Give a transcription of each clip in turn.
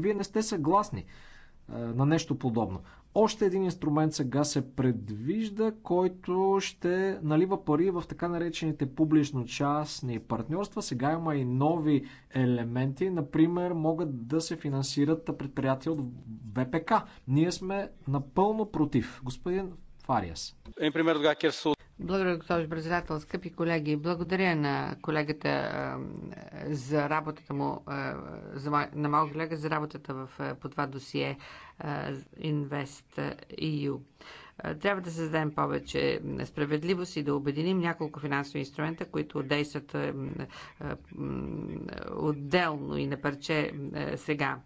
Вие не сте съгласни на нещо подобно. Още един инструмент сега се предвижда, който ще налива пари в така наречените публично-частни партньорства. Сега има и нови елементи. Например, могат да се финансират предприятия от ВПК. Ние сме напълно против. Господин Фариас. Благодаря, госпожо председател, скъпи колеги. Благодаря на колегата за работата му, на моя колега за работата в, по това досие Invest EU. Трябва да създадем повече справедливост и да обединим няколко финансови инструмента, които действат отделно и на парче сега.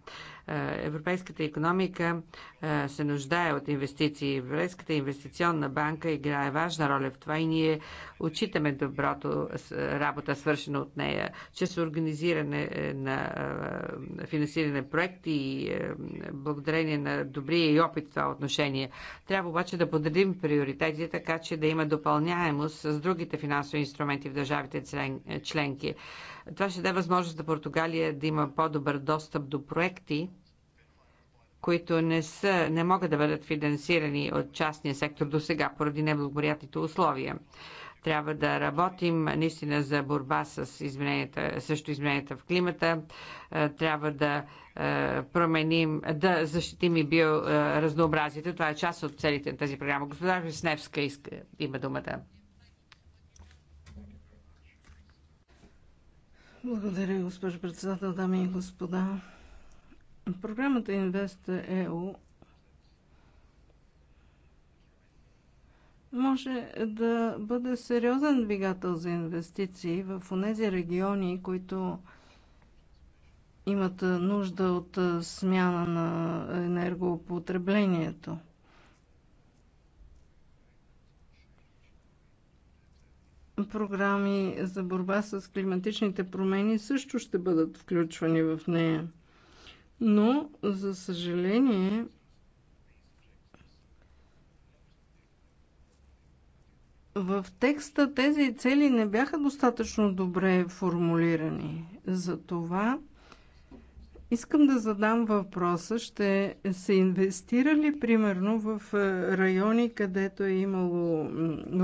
Е, европейската економика е, се нуждае от инвестиции. Европейската инвестиционна банка играе важна роля в това и ние отчитаме доброто работа, свършена от нея, чрез организиране е, на финансиране проекти и благодарение на добрия и опит в това отношение. Трябва обаче да подредим приоритетите, така че да има допълняемост с другите финансови инструменти в държавите членки. Това ще даде възможност за Португалия да има по-добър достъп до проекти, които не, са, не могат да бъдат финансирани от частния сектор до сега поради неблагоприятните условия. Трябва да работим наистина за борба с измененията, също измененията в климата. Е, трябва да е, променим, да защитим и биоразнообразието. Това е част от целите на тази програма. Господар Весневска иска, има думата. Благодаря, госпожо председател, дами и господа. Програмата InvestEU може да бъде сериозен двигател за инвестиции в тези региони, които имат нужда от смяна на енергопотреблението. Програми за борба с климатичните промени също ще бъдат включвани в нея но за съжаление В текста тези цели не бяха достатъчно добре формулирани. Затова искам да задам въпроса, ще се инвестира ли примерно в е, райони, където е имало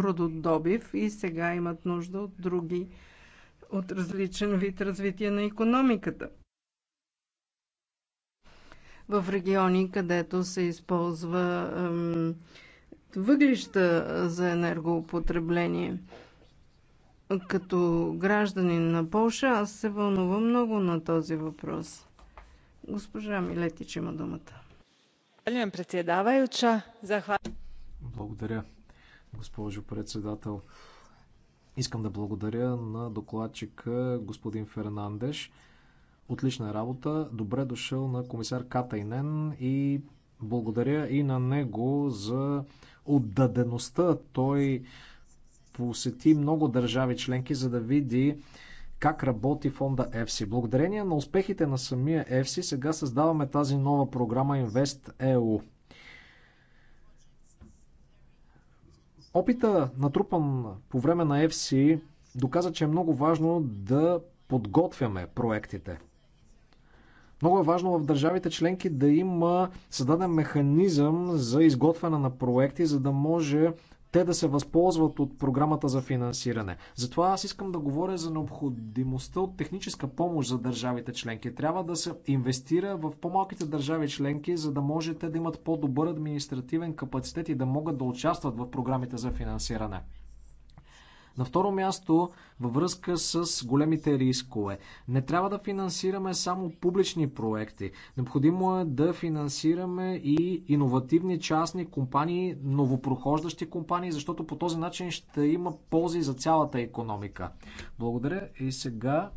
рододобив и сега имат нужда от други, от различен вид развитие на економиката? в региони, където се използва ем, въглища за енергоупотребление. Като гражданин на Полша, аз се вълнувам много на този въпрос. Госпожа Милетич има думата. Благодаря, госпожо председател. Искам да благодаря на докладчика господин Фернандеш Отлична работа. Добре дошъл на комисар Катайнен и благодаря и на него за отдадеността. Той посети много държави членки, за да види как работи фонда EFSI. Благодарение на успехите на самия EFSI, сега създаваме тази нова програма Invest EU. Опита, натрупан по време на EFSI, доказа, че е много важно да подготвяме проектите. Много е важно в държавите членки да има създаден механизъм за изготвяне на проекти, за да може те да се възползват от програмата за финансиране. Затова аз искам да говоря за необходимостта от техническа помощ за държавите членки. Трябва да се инвестира в по-малките държави членки, за да може те да имат по-добър административен капацитет и да могат да участват в програмите за финансиране. На второ място, във връзка с големите рискове. Не трябва да финансираме само публични проекти. Необходимо е да финансираме и иновативни частни компании, новопрохождащи компании, защото по този начин ще има ползи за цялата економика. Благодаря и сега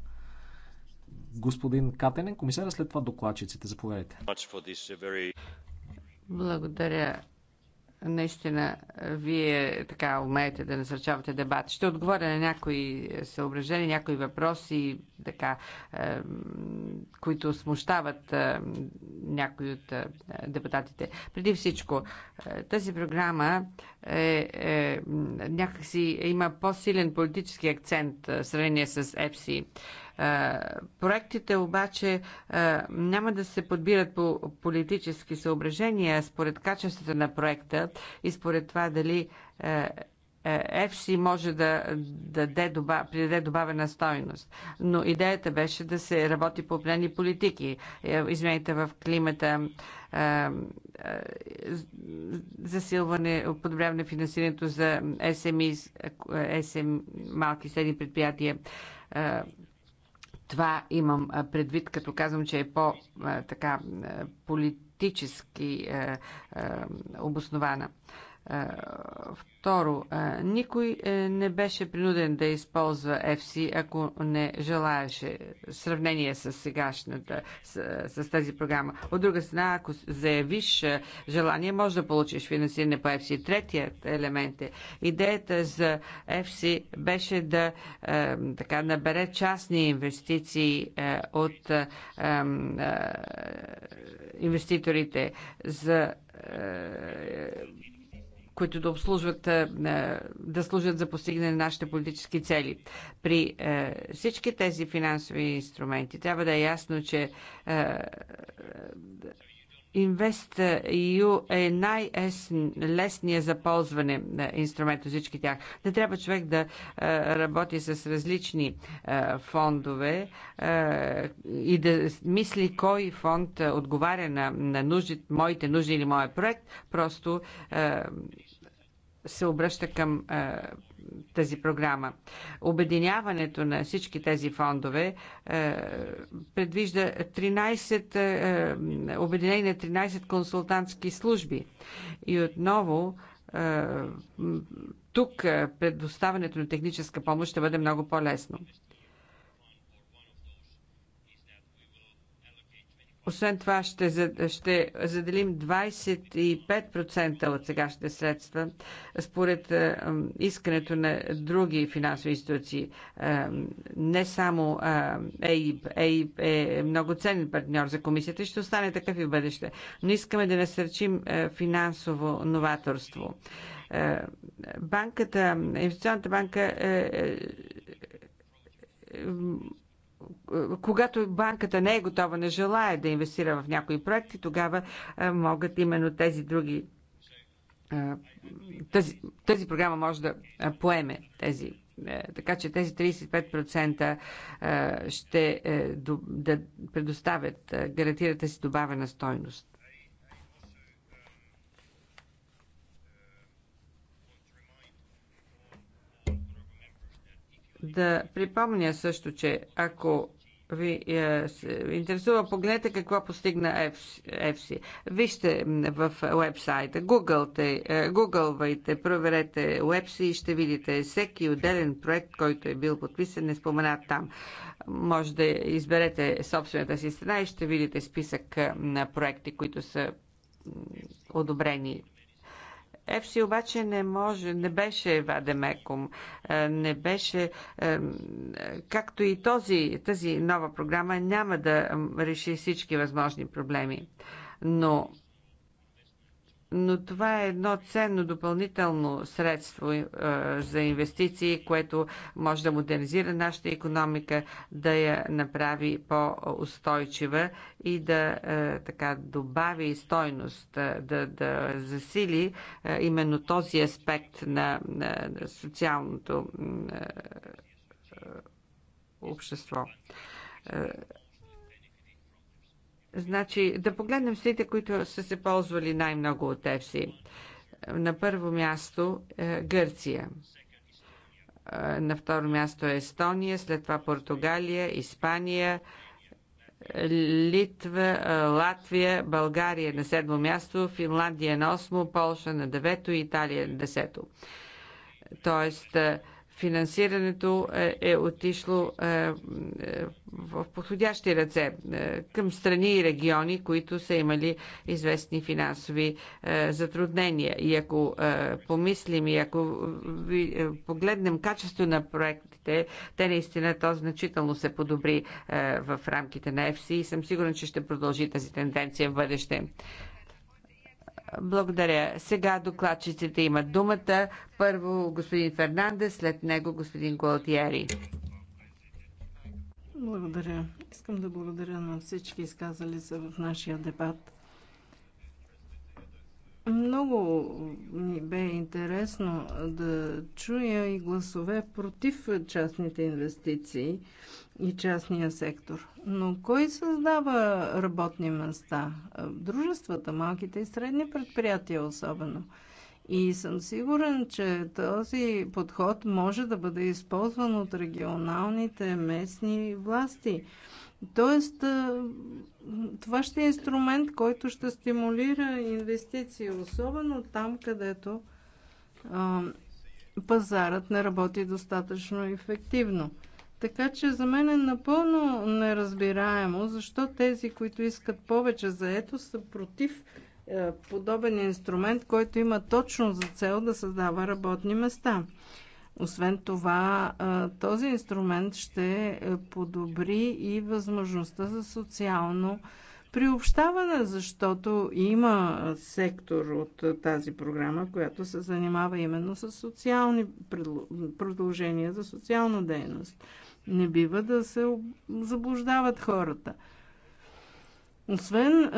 господин Катенен, комисаря, след това докладчиците. Заповядайте. Благодаря Наистина, вие така умеете да насърчавате дебат. Ще отговоря на някои съображения, някои въпроси, така, е, които смущават е, някои от е, депутатите. Преди всичко, тази програма е, е, някакси има по-силен политически акцент в сравнение с ЕПСИ. Е, проектите обаче е, няма да се подбират по политически съображения, според качеството на проекта и според това дали е, ЕФСИ може да даде, добав, придаде добавена стойност. Но идеята беше да се работи по определени политики. Измените в климата, засилване, подобряване на финансирането за СМИ, малки и средни предприятия, това имам предвид, като казвам, че е по-така политически обоснована. Е, второ, е, никой е, не беше принуден да използва FC, ако не желаеше сравнение с сегашната, с, с тази програма. От друга страна, ако заявиш желание, може да получиш финансиране по FC. Третият елемент е идеята за FC беше да така, набере частни инвестиции от инвеститорите за които да обслужват, е, е, да служат за постигане на нашите политически цели. При е, всички тези финансови инструменти трябва да е ясно, че InvestEU е най-лесният за ползване инструмент от всички тях. Не трябва човек да работи с различни фондове и да мисли кой фонд отговаря на, нужди, моите нужди или моя проект. Просто се обръща към тази програма. Обединяването на всички тези фондове е, предвижда 13, е, е, обединение на 13 консултантски служби. И отново е, тук е, предоставянето на техническа помощ ще бъде много по-лесно. Освен това ще, ще заделим 25% от сегашните средства според е, искането на други финансови институции. Е, не само е, ЕИБ. ЕИБ е много ценен партньор за комисията и ще остане такъв и в бъдеще. Но искаме да насърчим финансово новаторство. Банката, инвестиционната банка е когато банката не е готова, не желая да инвестира в някои проекти, тогава могат именно тези други. Тази, тази програма може да поеме тези. Е, така че тези 35% ще е, да предоставят, гарантират си добавена стойност. Да припомня също, че ако ви е, интересува, погледнете какво постигна FC. Е Вижте в вебсайта, гугълте, е, гугълвайте, проверете FC и ще видите всеки отделен проект, който е бил подписан, не споменат там. Може да изберете собствената си страна и ще видите списък е, на проекти, които са одобрени Епси обаче не може, не беше Вадемекум, е, не беше, е, както и този, тази нова програма няма да реши всички възможни проблеми. Но но това е едно ценно допълнително средство е, за инвестиции, което може да модернизира нашата економика, да я направи по-устойчива и да е, така добави стойност, е, да, да засили е, именно този аспект на, на, на социалното е, е, общество. Е, Значи, да погледнем сите, които са се ползвали най-много от ЕФСИ. На първо място е, Гърция. Е, на второ място е Естония, след това Португалия, Испания, Литва, е, Латвия, България на седмо място, Финландия на осмо, Полша на девето и Италия на десето. Тоест, е, финансирането е, е отишло е, е, в подходящи ръце към страни и региони, които са имали известни финансови затруднения. И ако помислим и ако погледнем качество на проектите, те наистина то значително се подобри в рамките на ЕФСИ и съм сигурен, че ще продължи тази тенденция в бъдеще. Благодаря. Сега докладчиците имат думата. Първо господин Фернандес, след него господин Голтиери. Благодаря. Искам да благодаря на всички изказали се в нашия дебат. Много ми бе интересно да чуя и гласове против частните инвестиции и частния сектор. Но кой създава работни места? Дружествата, малките и средни предприятия особено. И съм сигурен, че този подход може да бъде използван от регионалните местни власти. Тоест, това ще е инструмент, който ще стимулира инвестиции, особено там, където пазарът не работи достатъчно ефективно. Така че за мен е напълно неразбираемо защо тези, които искат повече заето, са против е, подобен инструмент, който има точно за цел да създава работни места. Освен това, е, този инструмент ще е, подобри и възможността за социално приобщаване, защото има сектор от тази програма, която се занимава именно с социални предложения за социална дейност. Не бива да се заблуждават хората. Освен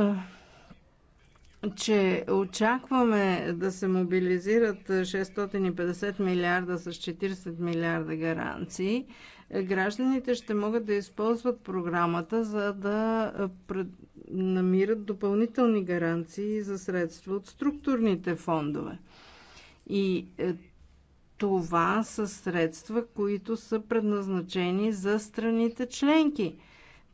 че очакваме да се мобилизират 650 милиарда с 40 милиарда гаранции, гражданите ще могат да използват програмата, за да намират допълнителни гаранции за средства от структурните фондове. И е, това са средства, които са предназначени за страните членки.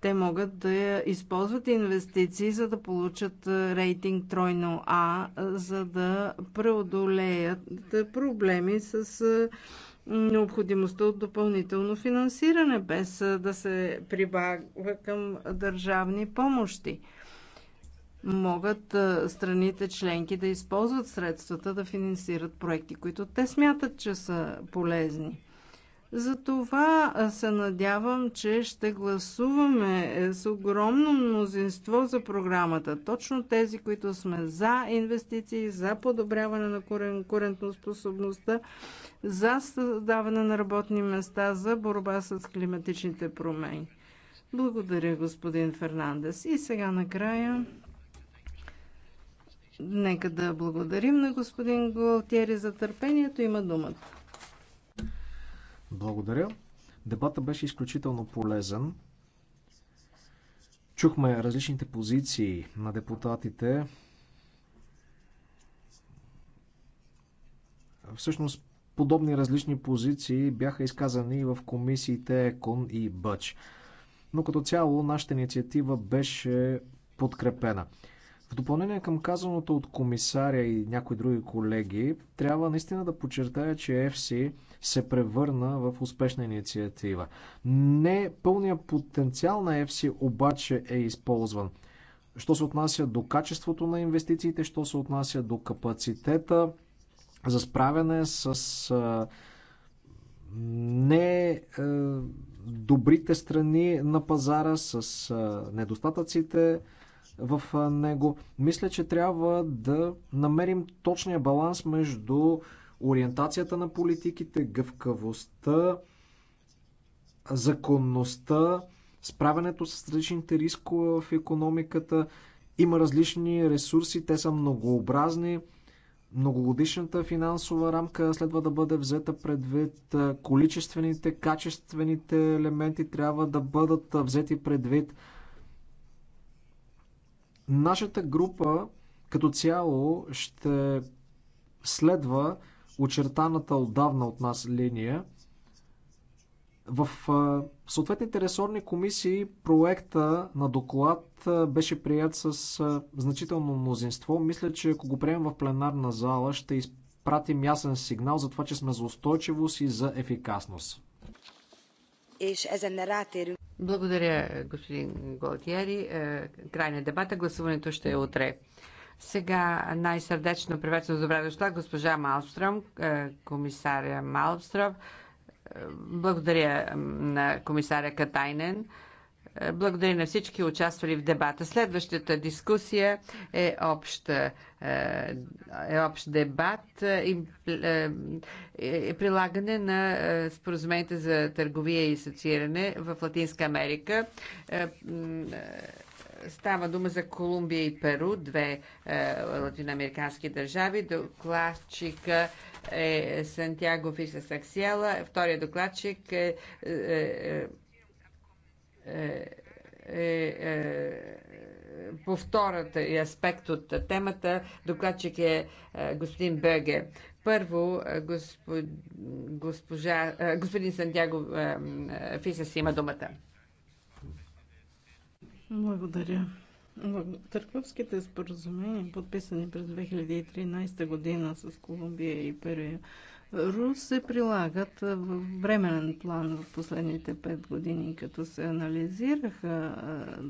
Те могат да използват инвестиции, за да получат рейтинг тройно А, за да преодолеят проблеми с необходимостта от допълнително финансиране, без да се прибавя към държавни помощи могат страните членки да използват средствата да финансират проекти, които те смятат, че са полезни. Затова се надявам, че ще гласуваме е, с огромно мнозинство за програмата. Точно тези, които сме за инвестиции, за подобряване на конкурентоспособността, за създаване на работни места, за борба с климатичните промени. Благодаря, господин Фернандес. И сега накрая Нека да благодарим на господин Голтери за търпението. Има думата. Благодаря. Дебата беше изключително полезен. Чухме различните позиции на депутатите. Всъщност, подобни различни позиции бяха изказани и в комисиите ЕКОН и БАЧ. Но като цяло нашата инициатива беше подкрепена. В допълнение към казаното от комисаря и някои други колеги, трябва наистина да подчертая, че FC се превърна в успешна инициатива. Не пълният потенциал на FC обаче е използван. Що се отнася до качеството на инвестициите, що се отнася до капацитета за справяне с не добрите страни на пазара, с недостатъците в него. Мисля, че трябва да намерим точния баланс между ориентацията на политиките, гъвкавостта, законността, справянето с различните рискове в економиката. Има различни ресурси, те са многообразни. Многогодишната финансова рамка следва да бъде взета предвид. Количествените, качествените елементи трябва да бъдат взети предвид. Нашата група като цяло ще следва очертаната отдавна от нас линия. В съответните ресорни комисии проекта на доклад беше прият с значително мнозинство. Мисля, че ако го приемем в пленарна зала, ще изпратим ясен сигнал за това, че сме за устойчивост и за ефикасност. Благодаря, господин Голтиери. Е, край на дебата. Гласуването ще е утре. Сега най-сърдечно приветствам добре дошла госпожа Малстром, е, комисаря Малстром. Е, благодаря на комисаря Катайнен. Е, благодаря на всички участвали в дебата. Следващата дискусия е обща е, е общ дебат е, и е прилагане на споразумените за търговия и асоцииране в Латинска Америка. Става дума за Колумбия и Перу, две латиноамерикански държави. Докладчика е Сантьяго Фиса Саксиела. Втория докладчик е е, е, е по втората и аспект от темата. Докладчик е, е господин Бърге. Първо, е, госпо, госпожа, е, господин Сантьяго Фисес има думата. Благодаря. Търговските споразумения, подписани през 2013 година с Колумбия и Перу, РУС се прилагат в временен план в последните пет години, като се анализираха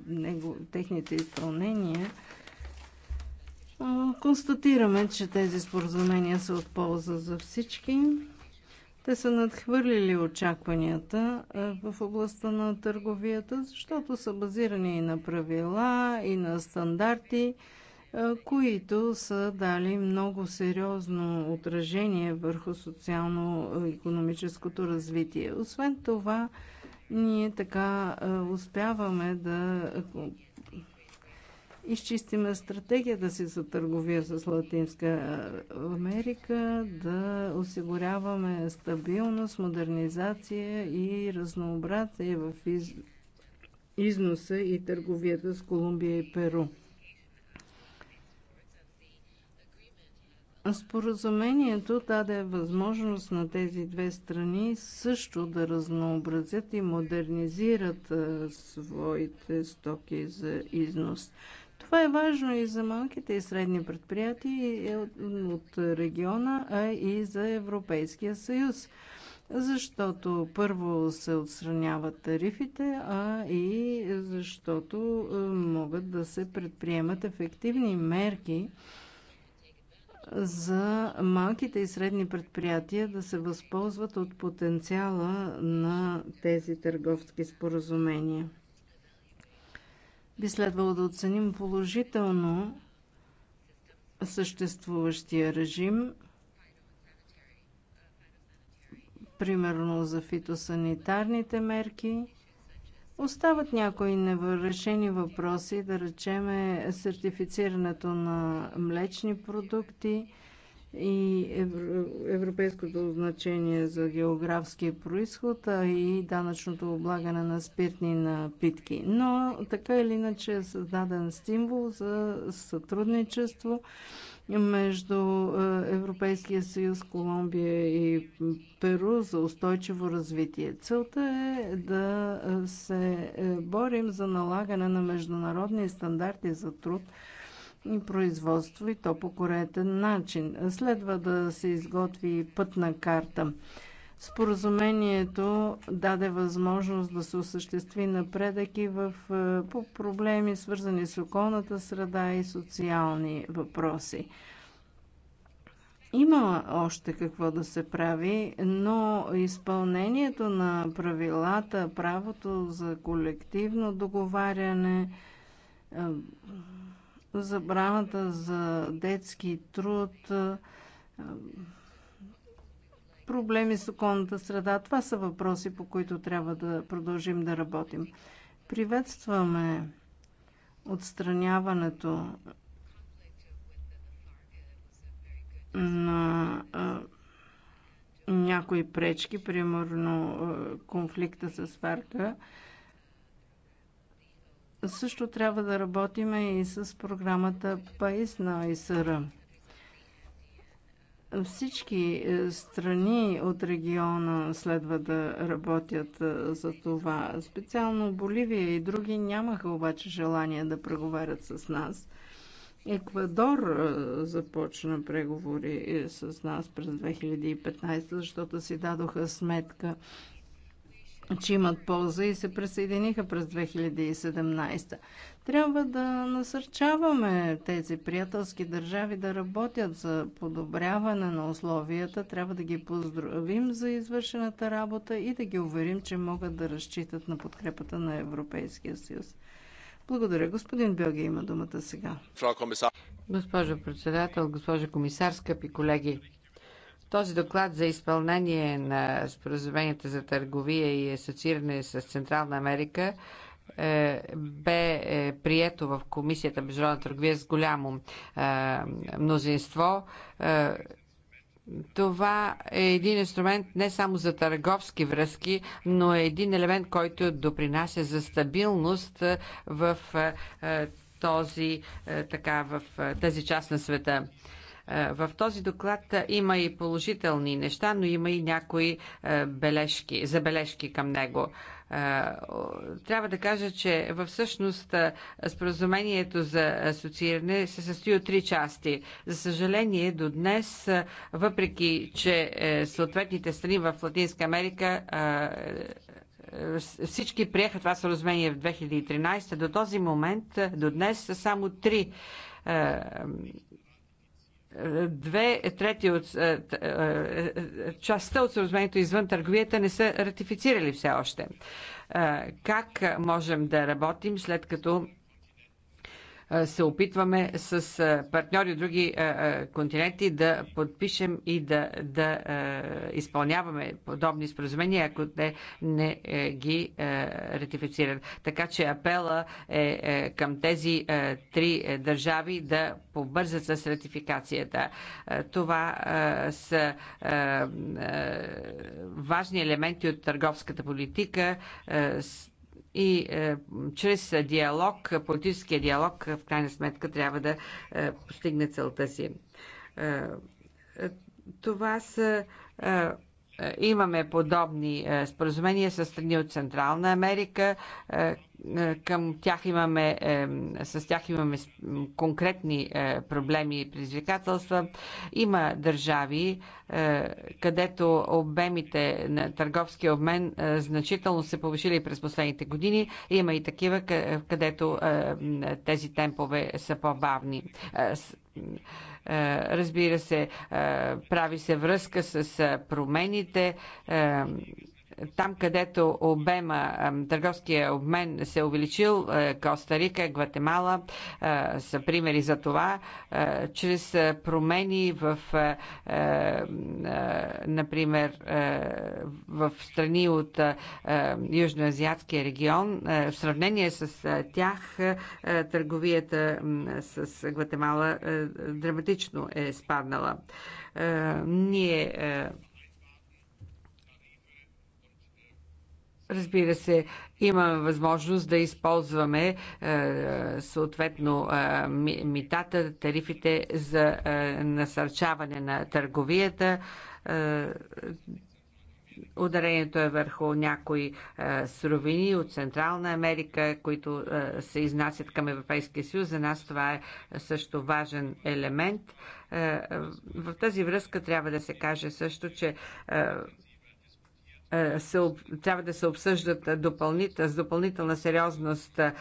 него, техните изпълнения. Констатираме, че тези споразумения са от полза за всички. Те са надхвърлили очакванията в областта на търговията, защото са базирани и на правила, и на стандарти, които са дали много сериозно отражение върху социално-економическото развитие. Освен това, ние така успяваме да изчистиме стратегията си за търговия с Латинска Америка, да осигуряваме стабилност, модернизация и разнообразие в износа и търговията с Колумбия и Перу. Споразумението даде възможност на тези две страни също да разнообразят и модернизират своите стоки за износ. Това е важно и за малките и средни предприятия е от, региона, а и за Европейския съюз. Защото първо се отстраняват тарифите, а и защото могат да се предприемат ефективни мерки за малките и средни предприятия да се възползват от потенциала на тези търговски споразумения. Би следвало да оценим положително съществуващия режим, примерно за фитосанитарните мерки Остават някои невърешени въпроси, да речеме сертифицирането на млечни продукти и европейското значение за географски происход, а и данъчното облагане на спиртни напитки. Но така или иначе е създаден стимул за сътрудничество между е, Европейския съюз, Колумбия и Перу за устойчиво развитие. Целта е да е, се е, борим за налагане на международни стандарти за труд и производство и то по коректен начин. Следва да се изготви пътна карта. Споразумението даде възможност да се осъществи напредък и в, е, по проблеми, свързани с околната среда и социални въпроси. Има още какво да се прави, но изпълнението на правилата, правото за колективно договаряне, е, забраната за детски труд, е, проблеми с околната среда. Това са въпроси, по които трябва да продължим да работим. Приветстваме отстраняването на някои пречки, примерно конфликта с Фарка. Също трябва да работиме и с програмата ПАИС на ИСРА. Всички е, страни от региона следва да работят е, за това. Специално Боливия и други нямаха обаче желание да преговарят с нас. Еквадор е, започна преговори с нас през 2015, защото си дадоха сметка, че имат полза и се присъединиха през 2017. Трябва да насърчаваме тези приятелски държави да работят за подобряване на условията. Трябва да ги поздравим за извършената работа и да ги уверим, че могат да разчитат на подкрепата на Европейския съюз. Благодаря. Господин Белгия има думата сега. Госпожо председател, госпожо комисар, скъпи колеги, този доклад за изпълнение на споразуменията за търговия и асоцииране с Централна Америка е, бе е, прието в Комисията Международна търговия с голямо е, мнозинство. Това е един инструмент не само за търговски връзки, но е един елемент, който допринася за стабилност в този, така, в тази част на света. Е, в този доклад е, има и положителни неща, но има и някои е, бележки, забележки към него. Трябва да кажа, че във всъщност споразумението за асоцииране се състои от три части. За съжаление, до днес, въпреки че съответните страни в Латинска Америка всички приеха това споразумение в 2013, до този момент, до днес са само три две трети от е, е, е, частта от споразумението извън търговията не са ратифицирали все още. Как можем да работим след като се опитваме с партньори от други континенти да подпишем и да, да изпълняваме подобни споразумения, ако те не е, ги ратифицират. Така че апела е, е към тези три е, държави да побързат с ратификацията. Това са важни елементи от търговската политика, и е, чрез диалог, политическия диалог, в крайна сметка трябва да е, постигне целта си. Е, е това са е, е, имаме подобни е, споразумения с страни от Централна Америка. Е, към тях имаме, с тях имаме конкретни проблеми и предизвикателства. Има държави, където обемите на търговски обмен значително се повишили през последните години. Има и такива, където тези темпове са по-бавни е, разбира се, е, прави се връзка с е, промените там, където обема, търговския обмен се е увеличил, е, Коста Рика, Гватемала е, са примери за това, е, чрез промени в, например, в страни от Южноазиатския регион. В сравнение с тях, търговията с Гватемала драматично е спаднала. Ние Разбира се, имаме възможност да използваме е, съответно е, митата, тарифите за е, насърчаване на търговията. Е, Ударението е върху някои е, суровини от Централна Америка, които е, се изнасят към Европейския съюз. За нас това е също важен елемент. Е, в тази връзка трябва да се каже също, че е, е, се, трябва да се обсъждат е, допълнител, с допълнителна сериозност е,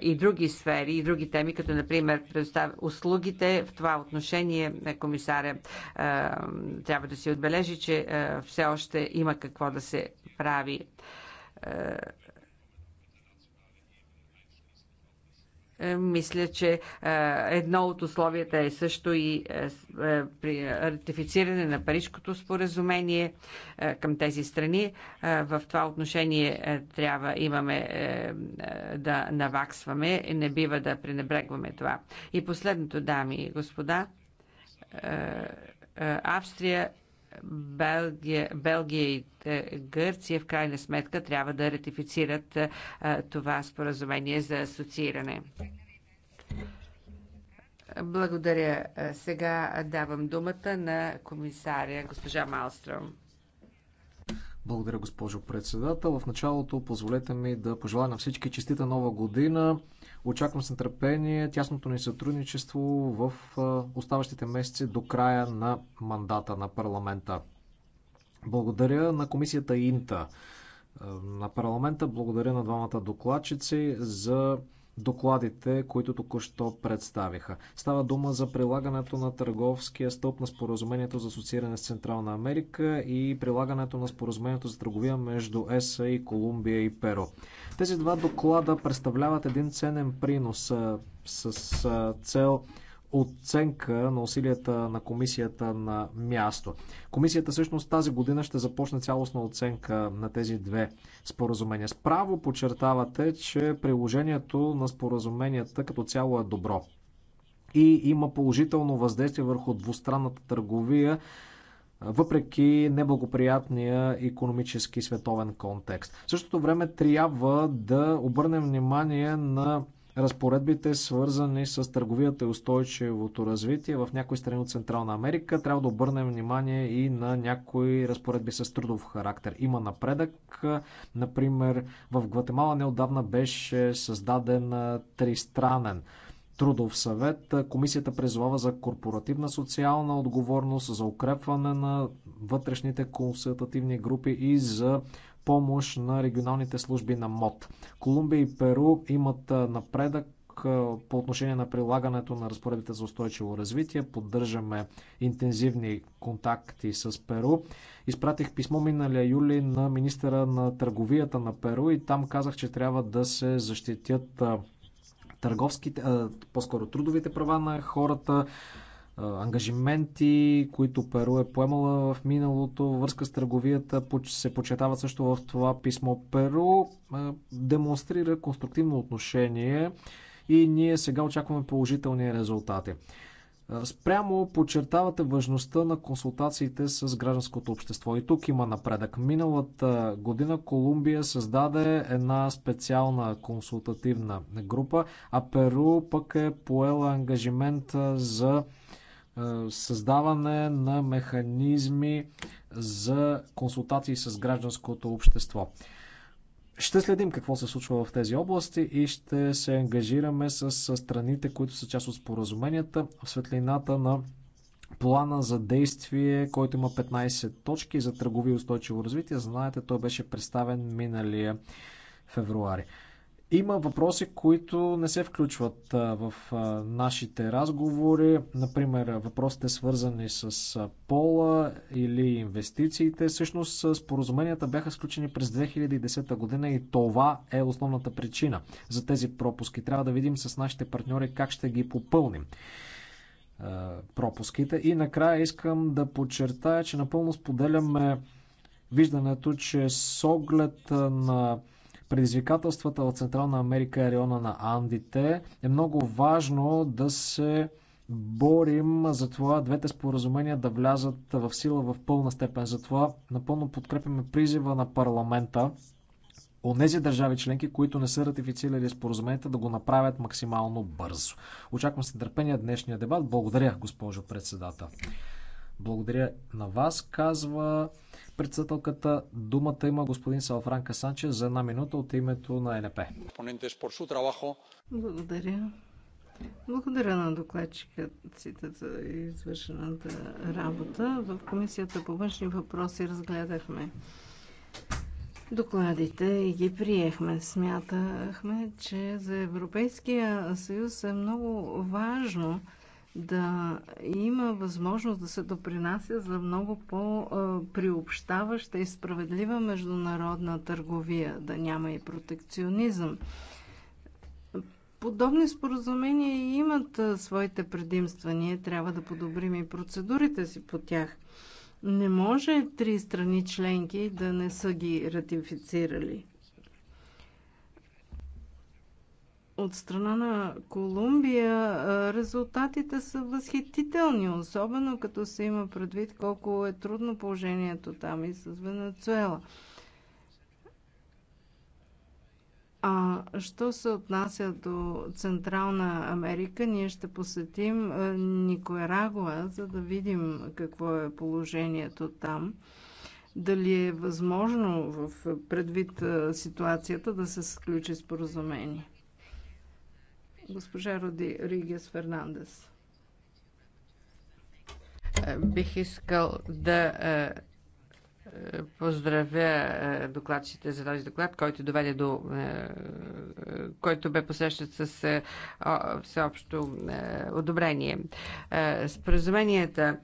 и други сфери, и други теми, като например услугите. В това отношение комисаря трябва да си отбележи, че все още има какво да се прави Е, мисля, че е, едно от условията е също и е, при ратифициране на Парижкото споразумение към тези страни. В това отношение трябва имаме да наваксваме. Не бива да пренебрегваме това. И последното, дами и господа, Австрия Белгия, Белгия и е, Гърция в крайна сметка трябва да ратифицират е, това споразумение за асоцииране. Благодаря. Е, сега давам думата на комисаря госпожа Малстром. Благодаря, госпожо председател. В началото позволете ми да пожелая на всички честита нова година. Очаквам с нетърпение тясното ни сътрудничество в оставащите месеци до края на мандата на парламента. Благодаря на комисията Инта на парламента, благодаря на двамата докладчици за докладите, които току-що представиха. Става дума за прилагането на търговския стоп на споразумението за асоцииране с Централна Америка и прилагането на споразумението за търговия между ЕСА и Колумбия и Перо. Тези два доклада представляват един ценен принос с цел оценка на усилията на комисията на място. Комисията всъщност тази година ще започне цялостна оценка на тези две споразумения. Справо подчертавате, че приложението на споразуменията като цяло е добро и има положително въздействие върху двустранната търговия, въпреки неблагоприятния економически световен контекст. В същото време трябва да обърнем внимание на разпоредбите, свързани с търговията и устойчивото развитие в някои страни от Централна Америка. Трябва да обърнем внимание и на някои разпоредби с трудов характер. Има напредък. Например, в Гватемала неодавна беше създаден тристранен трудов съвет. Комисията призовава за корпоративна социална отговорност, за укрепване на вътрешните консултативни групи и за помощ на регионалните служби на МОД. Колумбия и Перу имат напредък по отношение на прилагането на разпоредите за устойчиво развитие. Поддържаме интензивни контакти с Перу. Изпратих писмо миналия юли на министъра на търговията на Перу и там казах, че трябва да се защитят търговските, по-скоро трудовите права на хората, ангажименти, които Перу е поемала в миналото, връзка с търговията се почетава също в това писмо. Перу демонстрира конструктивно отношение и ние сега очакваме положителни резултати. Спрямо подчертавате важността на консултациите с гражданското общество. И тук има напредък. Миналата година Колумбия създаде една специална консултативна група, а Перу пък е поела ангажимент за е, създаване на механизми за консултации с гражданското общество. Ще следим какво се случва в тези области и ще се ангажираме с страните, които са част от споразуменията в светлината на плана за действие, който има 15 точки за търгови и устойчиво развитие. Знаете, той беше представен миналия февруари. Има въпроси, които не се включват в нашите разговори, например въпросите свързани с пола или инвестициите. Всъщност споразуменията бяха сключени през 2010 година и това е основната причина за тези пропуски. Трябва да видим с нашите партньори как ще ги попълним пропуските. И накрая искам да подчертая, че напълно споделяме виждането, че с оглед на предизвикателствата в Централна Америка и района на Андите, е много важно да се борим за това двете споразумения да влязат в сила в пълна степен. Затова напълно подкрепяме призива на парламента онези държави членки, които не са ратифицирали споразумението, да го направят максимално бързо. Очаквам с нетърпение днешния дебат. Благодаря, госпожо председател. Благодаря на вас, казва председателката. Думата има господин Салфранка Санчес за една минута от името на НП. Благодаря. Благодаря на докладчиката за извършената работа. В Комисията по външни въпроси разгледахме докладите и ги приехме. Смятахме, че за Европейския съюз е много важно да има възможност да се допринася за много по-приобщаваща и справедлива международна търговия, да няма и протекционизъм. Подобни споразумения имат своите предимства. Ние трябва да подобрим и процедурите си по тях. Не може три страни членки да не са ги ратифицирали. от страна на Колумбия резултатите са възхитителни, особено като се има предвид колко е трудно положението там и с Венецуела. А що се отнася до Централна Америка, ние ще посетим Никарагуа, за да видим какво е положението там дали е възможно в предвид ситуацията да се сключи споразумение. Госпожа Роди Ригес Фернандес. Е, бих искал да е, е, поздравя докладчите за този доклад, който доведе до който бе посрещат с всеобщо одобрение. Споразуменията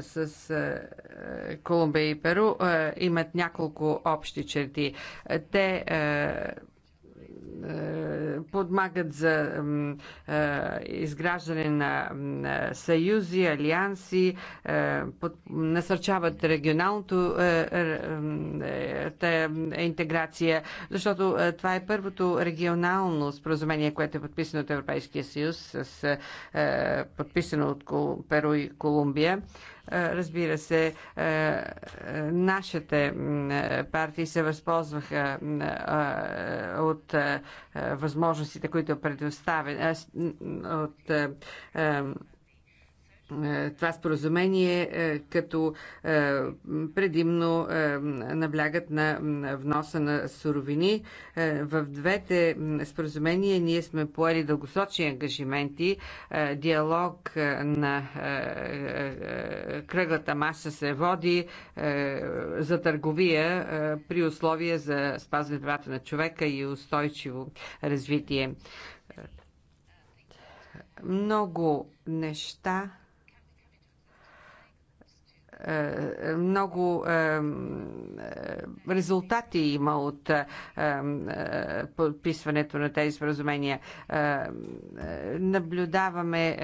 с Колумбия и Перу имат няколко общи черти. Те е, подмагат за е, изграждане на е, съюзи, алианси, насърчават регионалното интеграция, защото това е първото регионално споразумение, което е подписано от Европейския съюз, с, подписано от Перу и Колумбия разбира се, нашите партии се възползваха от е, възможностите, които е предоставя е, от е, това споразумение, е, като е, предимно наблягат на вноса на суровини. В двете споразумения ние сме поели дългосочни ангажименти, диалог на кръглата маса се води за търговия при условия за спазване правата на човека и устойчиво развитие. Много неща е, е, много е, резултати има от подписването на тези споразумения. Наблюдаваме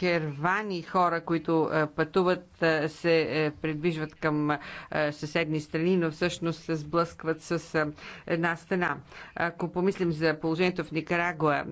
кервани хора, които е, пътуват, е, се е, придвижват към съседни страни, но всъщност се сблъскват с една стена. Ако помислим за положението в Никарагуа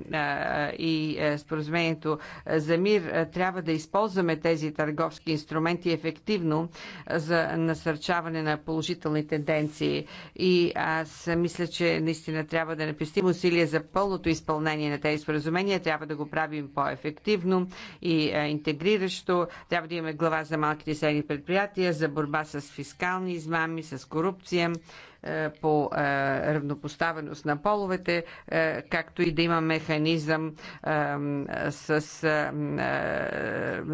и споразумението за мир, трябва да използваме тези търговски инструменти ефективно за насърчаване на положителни тенденции. И аз мисля, че наистина трябва да напистим усилия за пълното изпълнение на тези споразумения, трябва да го правим по-ефективно и и е, интегриращо. Трябва да имаме глава за малките и средни предприятия, за борба с фискални измами, с корупция, е, по е, равнопоставеност на половете, е, както и да има механизъм с,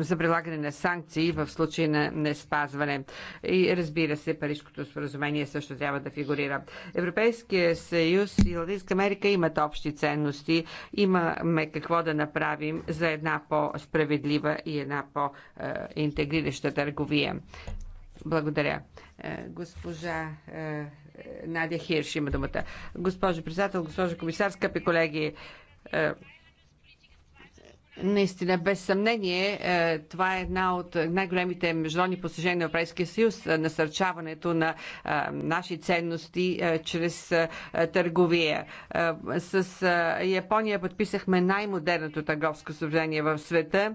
за прилагане на санкции в случай на неспазване. И разбира се, Парижското споразумение също трябва да фигурира. Европейския съюз и Латинска Америка имат общи ценности. Имаме какво да направим за една по-справедлива и една по-интегрираща търговия. Благодаря. Госпожа Надя Хирш има думата. Госпожо председател, госпожо комисар, скъпи колеги, е, Наистина, без съмнение, е, това е една от най-големите международни постижения на Европейския съюз е, насърчаването на наши ценности чрез търговия. С Япония подписахме най-модерното търговско съобщение в света.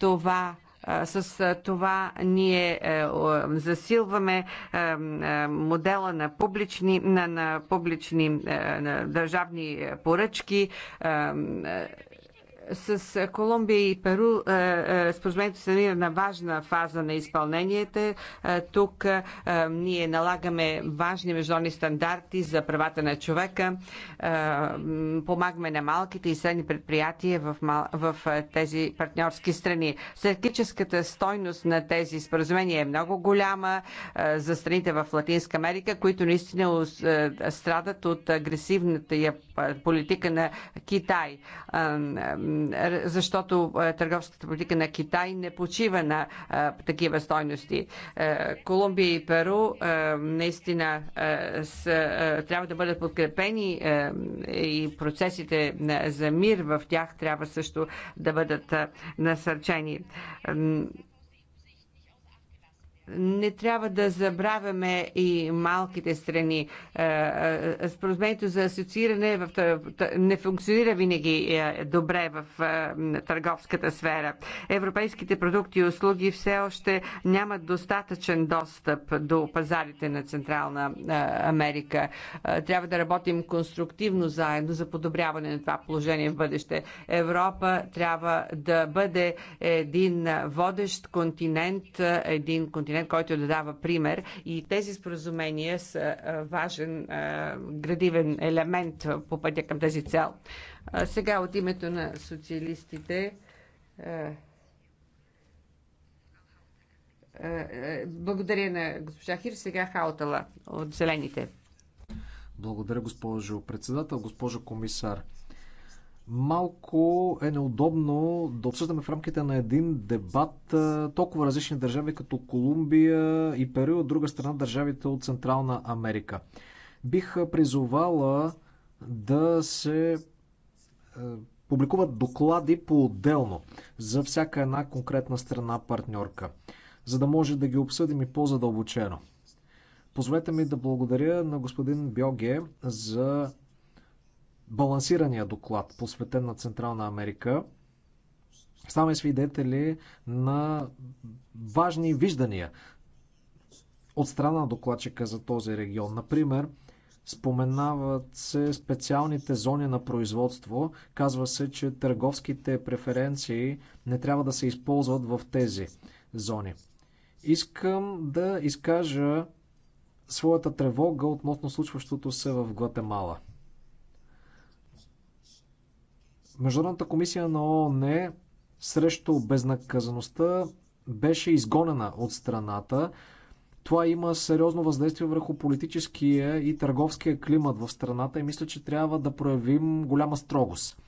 Това с това ние е, засилваме е, е, модела на публични, на, на публични на държавни поръчки с е, Колумбия и Перу е, е, споразумението се намира на важна фаза на изпълненията. Тук ние налагаме важни международни стандарти за правата на човека. Помагаме на малките и средни предприятия в, мал... в тези партньорски страни. Стратегическата стойност на тези споразумения е много голяма за страните в Латинска Америка, които наистина страдат от агресивната политика на Китай, защото търговската политика на Китай не почива на такива стойности. Колумбия и Перу наистина трябва да бъдат подкрепени и процесите за мир в тях трябва също да бъдат насърчени не трябва да забравяме и малките страни. Е, е, е, споразумението за асоцииране не функционира винаги добре в търговската сфера. Европейските продукти и услуги все още нямат достатъчен достъп до пазарите на Централна Америка. Трябва да работим конструктивно заедно за подобряване на това положение в бъдеще. Европа трябва да бъде един водещ континент, един континент континент, който да дава пример. И тези споразумения са важен градивен елемент по пътя към тази цел. Сега от името на социалистите. Благодаря на госпожа Хир. Сега Хаутала от Зелените. Благодаря, госпожо председател, госпожо комисар малко е неудобно да обсъждаме в рамките на един дебат толкова различни държави като Колумбия и Перу, от друга страна държавите от Централна Америка. Бих призовала да се публикуват доклади по-отделно за всяка една конкретна страна партньорка, за да може да ги обсъдим и по-задълбочено. Позволете ми да благодаря на господин Бьоге за балансирания доклад, посветен на Централна Америка. Ставаме свидетели на важни виждания от страна на докладчика за този регион. Например, споменават се специалните зони на производство. Казва се, че търговските преференции не трябва да се използват в тези зони. Искам да изкажа своята тревога относно случващото се в Гватемала. Международната комисия на ООН срещу безнаказаността беше изгонена от страната. Това има сериозно въздействие върху политическия и търговския климат в страната и мисля, че трябва да проявим голяма строгост.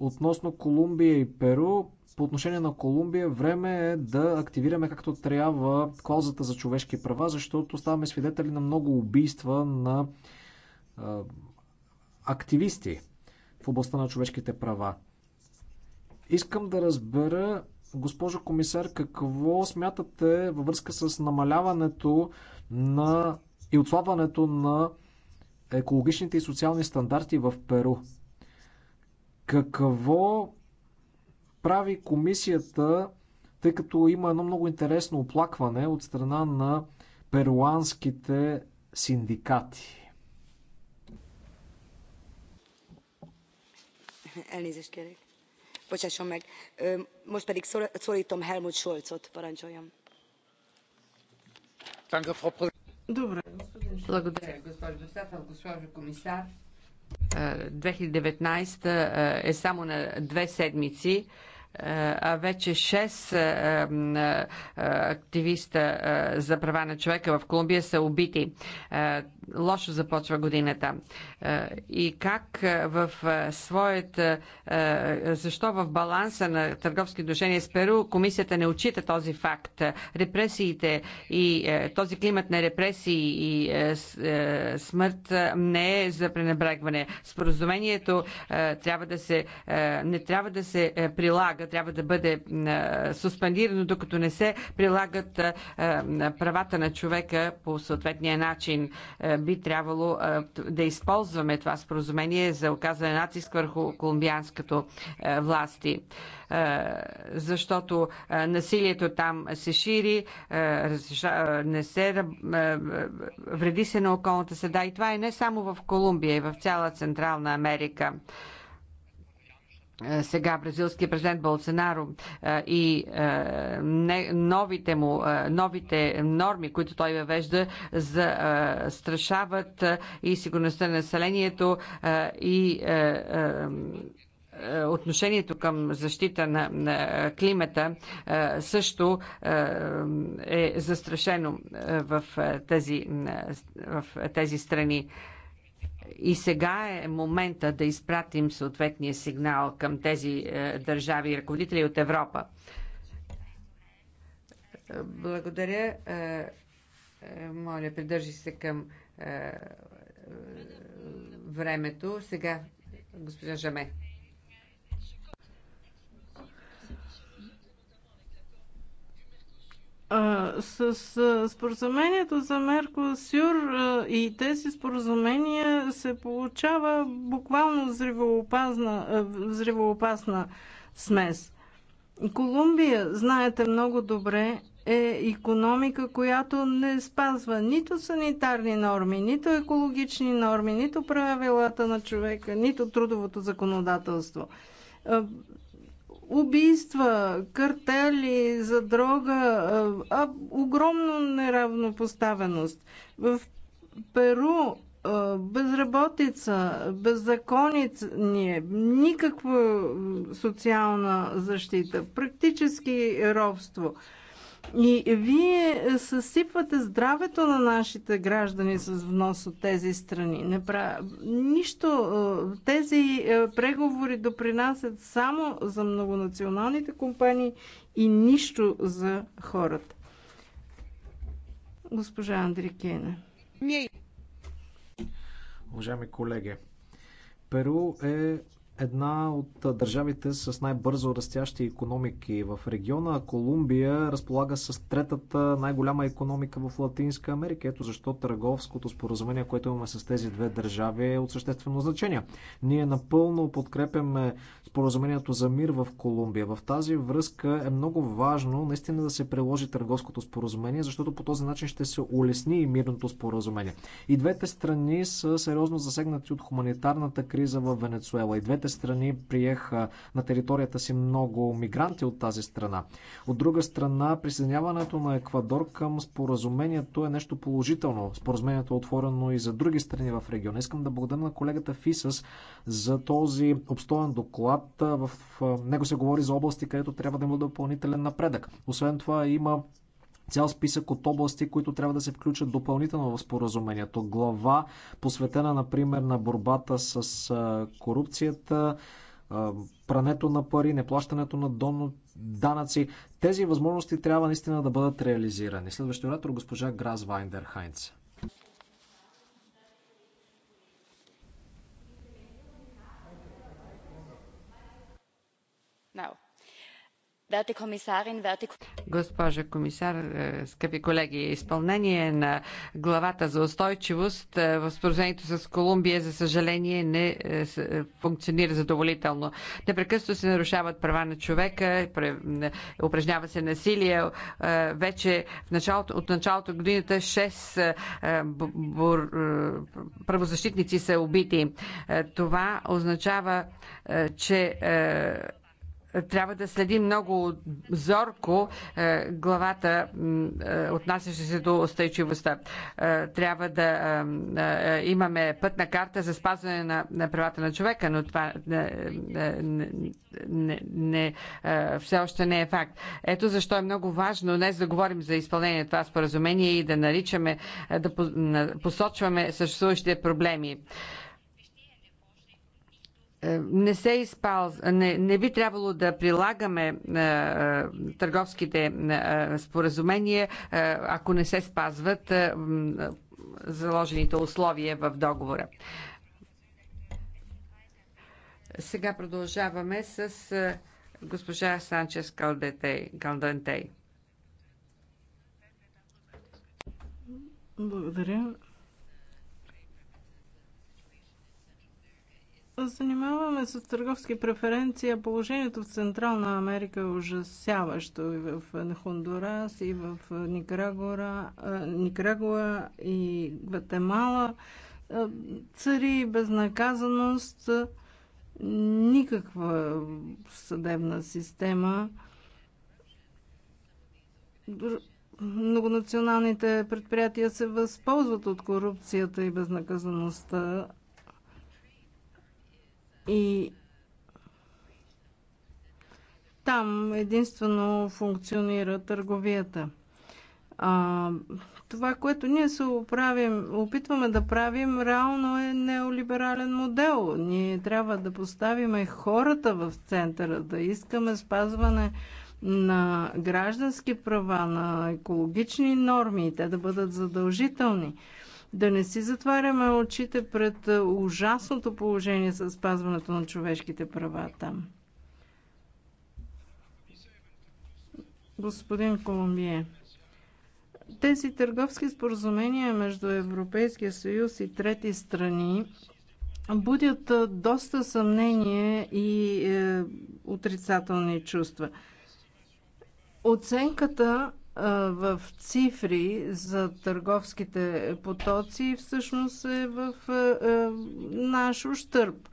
Относно Колумбия и Перу, по отношение на Колумбия, време е да активираме както трябва клаузата за човешки права, защото ставаме свидетели на много убийства на активисти в областта на човешките права. Искам да разбера, госпожо комисар, какво смятате във връзка с намаляването на и отслабването на екологичните и социални стандарти в Перу. Какво прави комисията, тъй като има едно много интересно оплакване от страна на перуанските синдикати? elnézést kérek. Bocsásson meg. Most pedig szólítom Helmut Scholzot, parancsoljon. Добре, Благодаря, госпожо 2019 е само на две седмици а вече 6 активиста за права на човека в Колумбия са убити. Лошо започва годината. И как в своята... Защо в баланса на търговски отношения с Перу комисията не отчита този факт? Репресиите и този климат на репресии и смърт не е за пренебрегване. Споразумението трябва да се... не трябва да се прилага прилага, трябва да бъде суспендирано, докато не се прилагат правата на човека по съответния начин. Би трябвало да използваме това споразумение за оказане натиск върху колумбианското власти защото насилието там се шири, не се вреди се на околната седа и това е не само в Колумбия, и в цяла Централна Америка. Е, сега бразилския президент Болсенаро е, и е, новите му новите норми, които той въвежда, застрашават и сигурността на населението и отношението към защита на, на климата също е застрашено в тези, в тези страни. И сега е момента да изпратим съответния сигнал към тези е, държави и ръководители от Европа. Благодаря. Е, е, моля, придържи се към времето. Сега госпожа Жаме. с споразумението за Меркосюр и тези споразумения се получава буквално взривоопасна, взривоопасна смес. Колумбия, знаете много добре, е економика, която не спазва нито санитарни норми, нито екологични норми, нито правилата на човека, нито трудовото законодателство убийства, картели за дрога, а, огромна неравнопоставеност. В Перу безработица, беззаконие, никаква социална защита, практически робство – и вие е, съсипвате здравето на нашите граждани с внос от тези страни. Не пра... Нищо. Е, тези е, преговори допринасят само за многонационалните компании и нищо за хората. Госпожа Андрикена. Уважаеми колеги, Перу е една от държавите с най-бързо растящи економики в региона. Колумбия разполага с третата най-голяма економика в Латинска Америка. Ето защо търговското споразумение, което имаме с тези две държави е от съществено значение. Ние напълно подкрепяме споразумението за мир в Колумбия. В тази връзка е много важно наистина да се приложи търговското споразумение, защото по този начин ще се улесни и мирното споразумение. И двете страни са сериозно засегнати от хуманитарната криза в Венецуела. И двете Двете страни приеха на територията си много мигранти от тази страна. От друга страна, присъединяването на Еквадор към споразумението е нещо положително. Споразумението е отворено и за други страни в региона. Искам да благодаря на колегата Фисас за този обстоен доклад. В него се говори за области, където трябва да има допълнителен напредък. Освен това, има цял списък от области, които трябва да се включат допълнително в споразумението. Глава, посветена, например, на борбата с корупцията, прането на пари, неплащането на донно, данъци. Тези възможности трябва наистина да бъдат реализирани. Следващия оратор госпожа Грас Вайндер Хайнц. Госпожа комисар, е, скъпи колеги, изпълнение на главата за устойчивост е, в споразумението с Колумбия, за съжаление, не е, функционира задоволително. Непрекъсто се нарушават права на човека, упражнява се насилие. Вече в началото, от началото годината 6 правозащитници са убити. Това означава, че трябва да следи много зорко е, главата, е, отнасяща се до устойчивостта. Е, трябва да имаме пътна карта за спазване на, на правата на човека, но това не, не, не, все още не е факт. Ето защо е много важно днес да говорим за изпълнение на това споразумение и да наричаме, да посочваме съществуващите проблеми. Е, не се изпал, не, не би трябвало да прилагаме е, е търговските е, е, споразумения, е, ако не се спазват е, е, заложените условия в договора. Сега продължаваме с е, госпожа Санчес Калдентей. Благодаря. занимаваме с търговски преференции, а положението в Централна Америка е ужасяващо и в Хондурас, и в Никарагуа, Никарагуа и Гватемала. Цари безнаказаност, никаква съдебна система многонационалните предприятия се възползват от корупцията и безнаказаността, и там единствено функционира търговията. А, това, което ние се оправим, опитваме да правим, реално е неолиберален модел. Ние трябва да поставим хората в центъра, да искаме спазване на граждански права, на екологични норми и те да бъдат задължителни да не си затваряме очите пред е, ужасното положение с спазването на човешките права там. Господин Колумбие, тези търговски споразумения между Европейския съюз и трети страни будят е, доста съмнение и е, отрицателни чувства. Оценката в цифри за търговските потоци всъщност е в наш ущърп.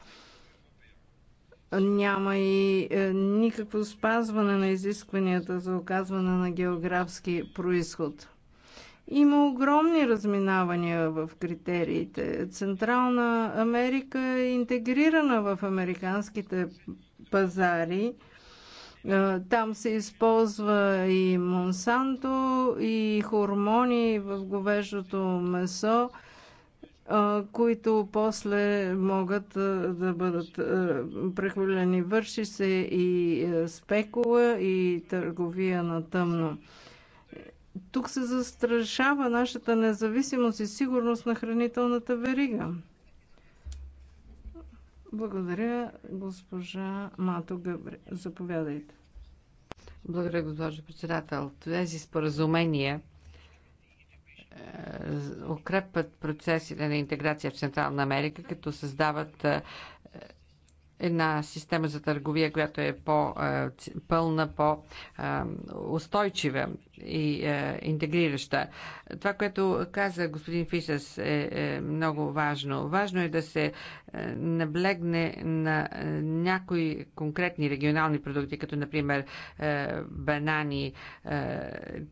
Няма и никакво спазване на изискванията за оказване на географски происход. Има огромни разминавания в критериите. Централна Америка е интегрирана в американските пазари – е, там се използва и Монсанто, и хормони в говеждото месо, е, които после могат е, да бъдат прехвърлени. Върши се и спекула, и търговия на тъмно. Тук се застрашава нашата независимост и сигурност на хранителната верига. Благодаря, госпожа Мато Габри. Заповядайте. Благодаря, госпожо председател. Тези споразумения е, укрепват процесите на интеграция в Централна Америка, като създават е, една система за търговия, която е по-пълна, е, по-устойчива и е, интегрираща. Това, което каза господин Фисас е, е много важно. Важно е да се е, наблегне на е, някои конкретни регионални продукти, като например е, банани. Е,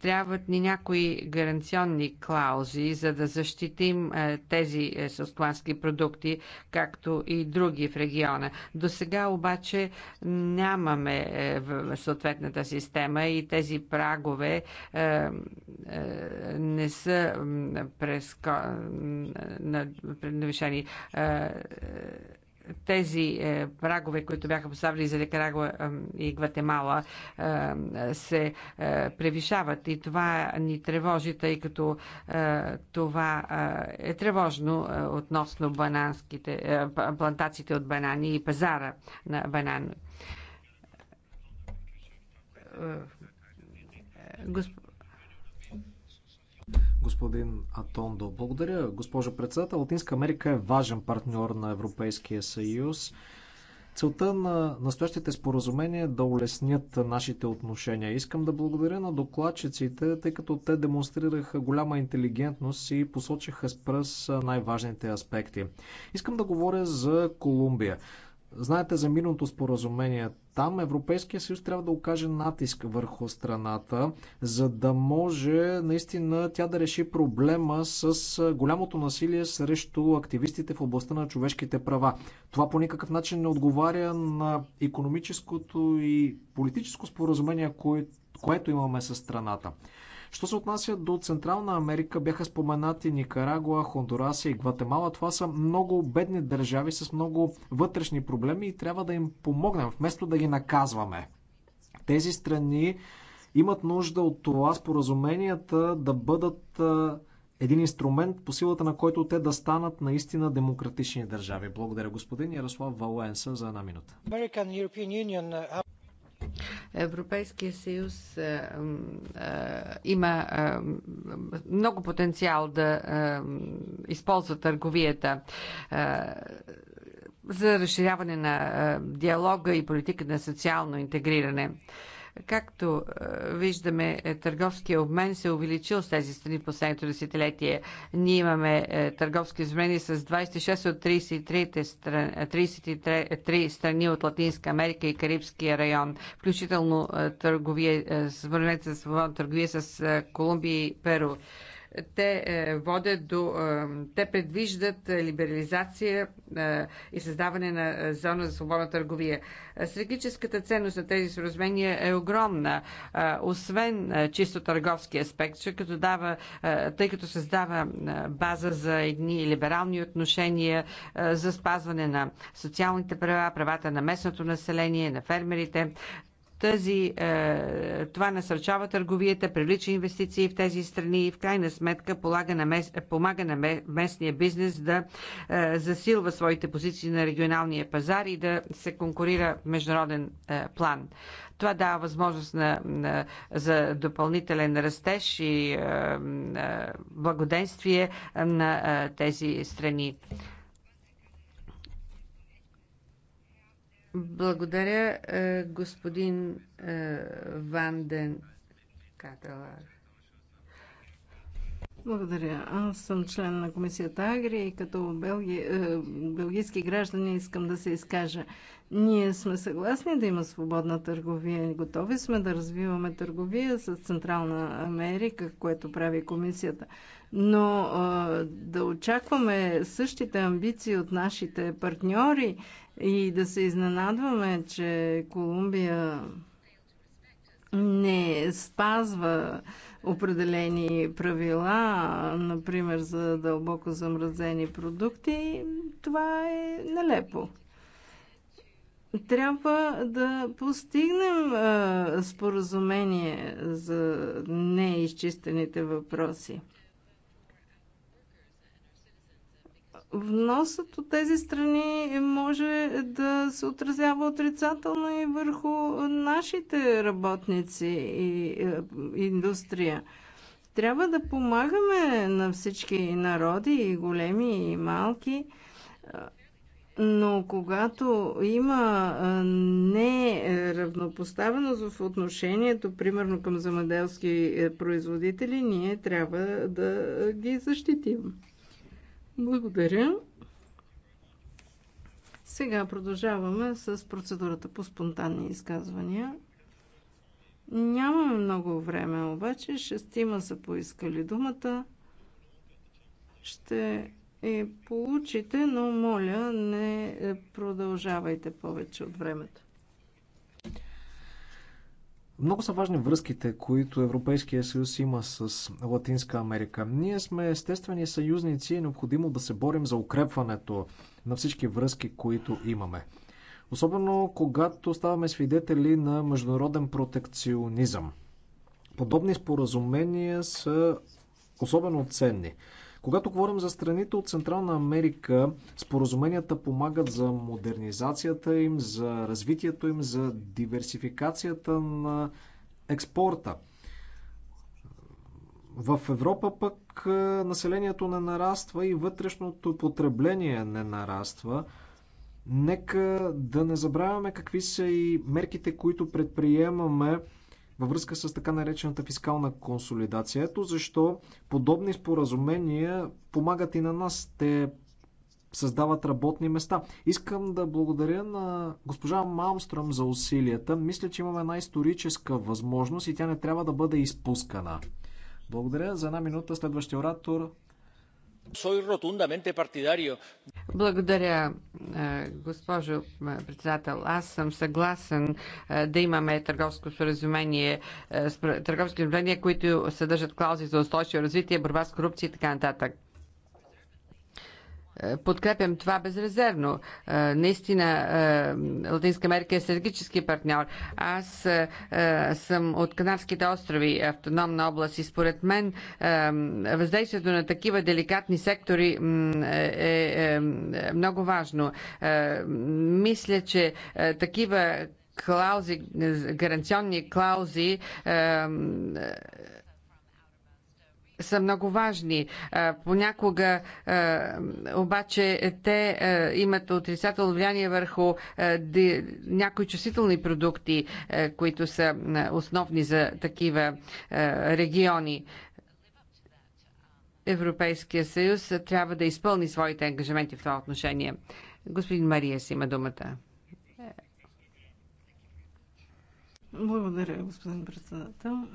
трябват ни някои гаранционни клаузи, за да защитим е, тези е, селскостопански продукти, както и други в региона. До сега обаче нямаме е, в съответната система и тези прагове е, е, не са преско... Е, тези е, прагове, които бяха поставили за Никарагуа и Гватемала, е, се е, превишават. И това ни тревожи, тъй като е, това е тревожно е, относно бананските, е, плантациите от банани и пазара на банан. Господин Атондо, благодаря. Госпожо председател, Латинска Америка е важен партньор на Европейския съюз. Целта на настоящите споразумения е да улеснят нашите отношения. Искам да благодаря на докладчиците, тъй като те демонстрираха голяма интелигентност и посочиха с пръст най-важните аспекти. Искам да говоря за Колумбия. Знаете за мирното споразумение. Там Европейския съюз трябва да окаже натиск върху страната, за да може наистина тя да реши проблема с голямото насилие срещу активистите в областта на човешките права. Това по никакъв начин не отговаря на економическото и политическо споразумение, което имаме с страната. Що се отнася до Централна Америка, бяха споменати Никарагуа, Хондурас и Гватемала. Това са много бедни държави с много вътрешни проблеми и трябва да им помогнем, вместо да ги наказваме. Тези страни имат нужда от това споразуменията да бъдат един инструмент, по силата на който те да станат наистина демократични държави. Благодаря господин Ярослав Валуенса за една минута. Европейския съюз а, а, има а, много потенциал да а, използва търговията. А, за разширяване на диалога и политика на социално интегриране. Както е, виждаме, е, търговския обмен се е увеличил с тези страни в последното десетилетие. Ние имаме търговски измени с 26 от 33, страни от Латинска Америка и Карибския район, включително търговия, с свободна търговия с Колумбия и Перу те е, водят до, е, те предвиждат либерализация е, и създаване на зона за свободна търговия. Стратегическата ценност на тези споразумения е огромна, освен чисто търговски аспект, че като дава, тъй като създава база за едни либерални отношения за спазване на социалните права, правата на местното население, на фермерите. Тази, е, това насърчава търговията, привлича инвестиции в тези страни и в крайна сметка полага на мес, помага на местния бизнес да е, засилва своите позиции на регионалния пазар и да се конкурира в международен е, план. Това дава възможност на, на, за допълнителен растеж и е, е, благоденствие на е, тези страни. Благодаря, е, господин е, Ванден Каталар. Благодаря. Аз съм член на комисията Агри и като белги... Е, белгийски граждани искам да се изкажа. Ние сме съгласни да има свободна търговия. Готови сме да развиваме търговия с Централна Америка, което прави комисията. Но да очакваме същите амбиции от нашите партньори и да се изненадваме, че Колумбия не спазва определени правила, например за дълбоко замразени продукти, това е нелепо. Трябва да постигнем а, споразумение за неизчистените въпроси. вносът от тези страни може да се отразява отрицателно и върху нашите работници и е, индустрия. Трябва да помагаме на всички народи, и големи, и малки, е, но когато има е, неравнопоставеност в отношението, примерно към замеделски производители, ние трябва да ги защитим. Благодаря. Сега продължаваме с процедурата по спонтанни изказвания. Нямаме много време, обаче шестима са поискали думата. Ще е получите, но моля, не продължавайте повече от времето. Много са важни връзките, които Европейския съюз има с Латинска Америка. Ние сме естествени съюзници и е необходимо да се борим за укрепването на всички връзки, които имаме. Особено когато ставаме свидетели на международен протекционизъм. Подобни споразумения са особено ценни. Когато говорим за страните от Централна Америка, споразуменията помагат за модернизацията им, за развитието им, за диверсификацията на експорта. В Европа пък е, населението не нараства и вътрешното потребление не нараства. Нека да не забравяме какви са и мерките, които предприемаме във връзка с така наречената фискална консолидация. Ето защо подобни споразумения помагат и на нас. Те създават работни места. Искам да благодаря на госпожа Малмстръм за усилията. Мисля, че имаме една историческа възможност и тя не трябва да бъде изпускана. Благодаря за една минута. Следващия оратор благодаря, госпожо председател. Аз съм съгласен да имаме търговско споразумение, търговски споразумения, които съдържат клаузи за устойчиво развитие, борба с корупция и така нататък. Е, подкрепям това безрезервно. Е, наистина е, Латинска Америка е стратегически партньор. Аз съм от Канарските острови, автономна област и според мен въздействието на такива деликатни сектори е много важно. Мисля, че такива клаузи, гаранционни клаузи са много важни. Понякога обаче те имат отрицателно влияние върху някои чувствителни продукти, които са основни за такива региони. Европейския съюз трябва да изпълни своите ангажименти в това отношение. Господин Мария си има думата. Благодаря, господин председател.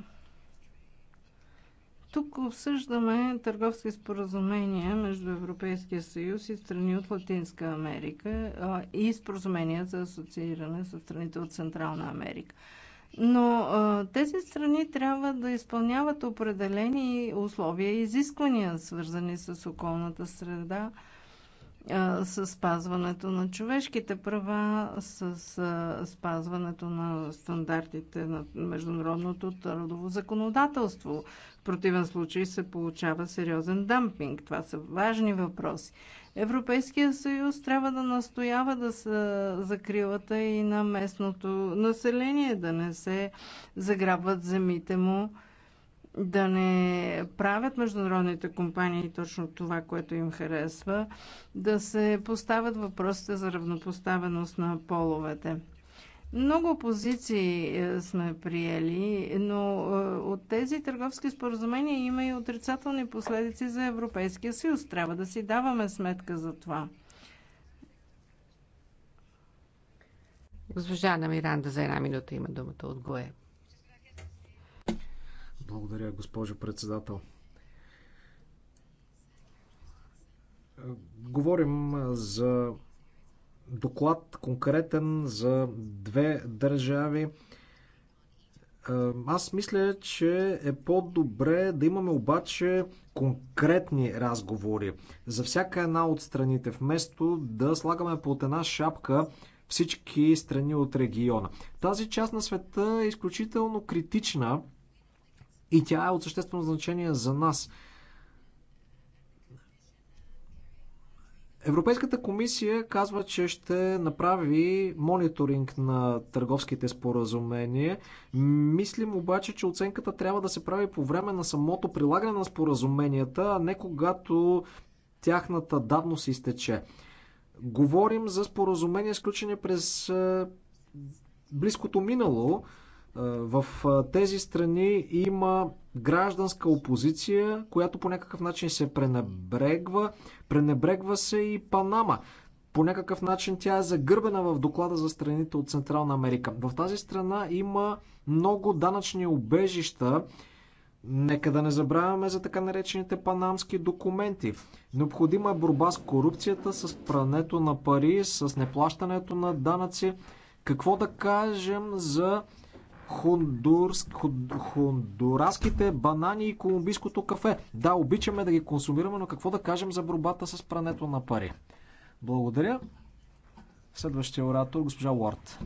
Тук обсъждаме търговски споразумения между Европейския съюз и страни от Латинска Америка и споразумения за асоцииране с страните от Централна Америка. Но а, тези страни трябва да изпълняват определени условия и изисквания, свързани с околната среда, с спазването на човешките права, с спазването на стандартите на международното трудово законодателство. В противен случай се получава сериозен дампинг. Това са важни въпроси. Европейския съюз трябва да настоява да се закрилата и на местното население, да не се заграбват земите му да не правят международните компании точно това, което им харесва, да се поставят въпросите за равнопоставеност на половете. Много позиции е, сме приели, но е, от тези търговски споразумения има и отрицателни последици за Европейския съюз. Трябва да си даваме сметка за това. Госпожа Миранда за една минута има думата от ГОЕ. Благодаря, госпожо председател. Говорим за доклад конкретен за две държави. Аз мисля, че е по-добре да имаме обаче конкретни разговори за всяка една от страните, вместо да слагаме под една шапка всички страни от региона. Тази част на света е изключително критична и тя е от съществено значение за нас. Европейската комисия казва, че ще направи мониторинг на търговските споразумения. Мислим обаче, че оценката трябва да се прави по време на самото прилагане на споразуменията, а не когато тяхната давност изтече. Говорим за споразумения, сключени през е, близкото минало, в тези страни има гражданска опозиция, която по някакъв начин се пренебрегва. Пренебрегва се и Панама. По някакъв начин тя е загърбена в доклада за страните от Централна Америка. В тази страна има много данъчни обежища. Нека да не забравяме за така наречените панамски документи. Необходима е борба с корупцията, с прането на пари, с неплащането на данъци. Какво да кажем за Хондурск, хондураските банани и колумбийското кафе. Да, обичаме да ги консумираме, но какво да кажем за борбата с прането на пари? Благодаря. Следващия оратор, госпожа Уорд.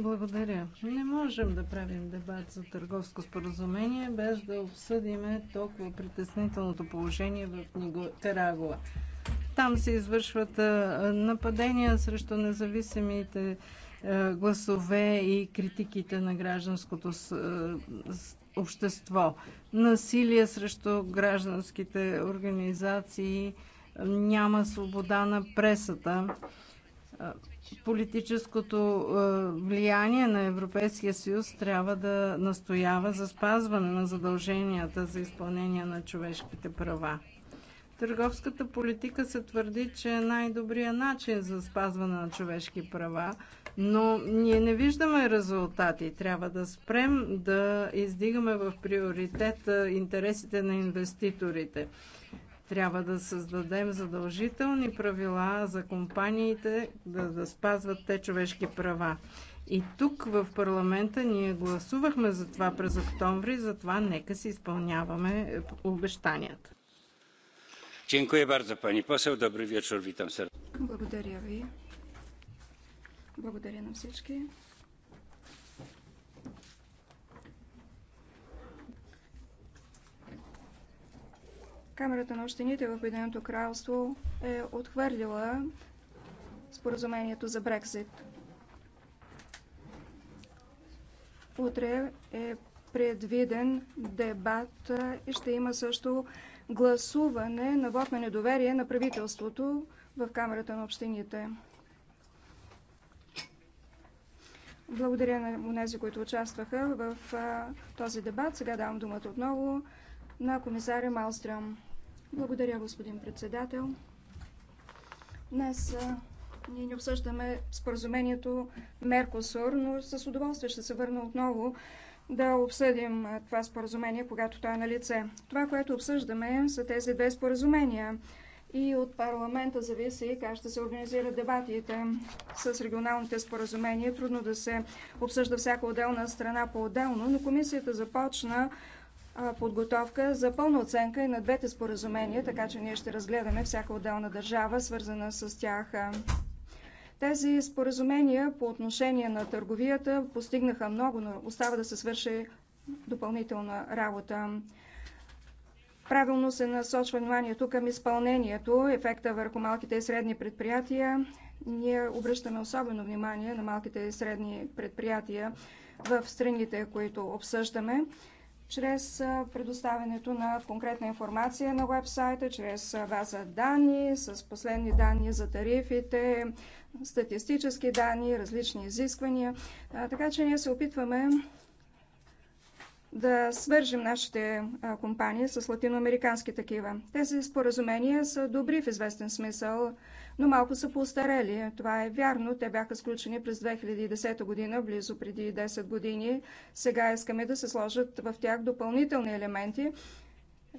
Благодаря. Не можем да правим дебат за търговско споразумение без да обсъдиме толкова притеснителното положение в Терагова. Там се извършват нападения срещу независимите е, гласове и критиките на гражданското е, общество. Насилие срещу гражданските организации, няма свобода на пресата. Е, политическото влияние на Европейския съюз трябва да настоява за спазване на задълженията за изпълнение на човешките права. Търговската политика се твърди, че е най-добрия начин за спазване на човешки права, но ние не виждаме резултати. Трябва да спрем да издигаме в приоритет интересите на инвеститорите. Трябва да създадем задължителни правила за компаниите да, да спазват те човешки права. И тук в парламента ние гласувахме за това през октомври, затова нека си изпълняваме обещанията. Благодаря ви. Благодаря на всички. Камерата на общините в Обединеното кралство е отхвърлила споразумението за Брекзит. Утре е предвиден дебат и ще има също гласуване на вод на недоверие на правителството в Камерата на общините. Благодаря на тези, които участваха в а, този дебат. Сега давам думата отново на комисаря Малстрем. Благодаря, господин председател. Днес а, ние не обсъждаме споразумението Меркосур, но с удоволствие ще се върна отново да обсъдим това споразумение, когато то е на лице. Това, което обсъждаме, са тези две споразумения. И от парламента зависи как ще се организират дебатите с регионалните споразумения. Трудно да се обсъжда всяка отделна страна по-отделно, но комисията започна подготовка за пълна оценка и на двете споразумения, така че ние ще разгледаме всяка отделна държава, свързана с тях. Тези споразумения по отношение на търговията постигнаха много, но остава да се свърши допълнителна работа. Правилно се насочва вниманието към изпълнението, ефекта върху малките и средни предприятия. Ние обръщаме особено внимание на малките и средни предприятия в страните, които обсъждаме чрез предоставянето на конкретна информация на вебсайта, чрез база данни, с последни данни за тарифите, статистически данни, различни изисквания. Така че ние се опитваме да свържем нашите компании с латиноамерикански такива. Тези споразумения са добри в известен смисъл но малко са поостарели. Това е вярно. Те бяха сключени през 2010 година, близо преди 10 години. Сега искаме да се сложат в тях допълнителни елементи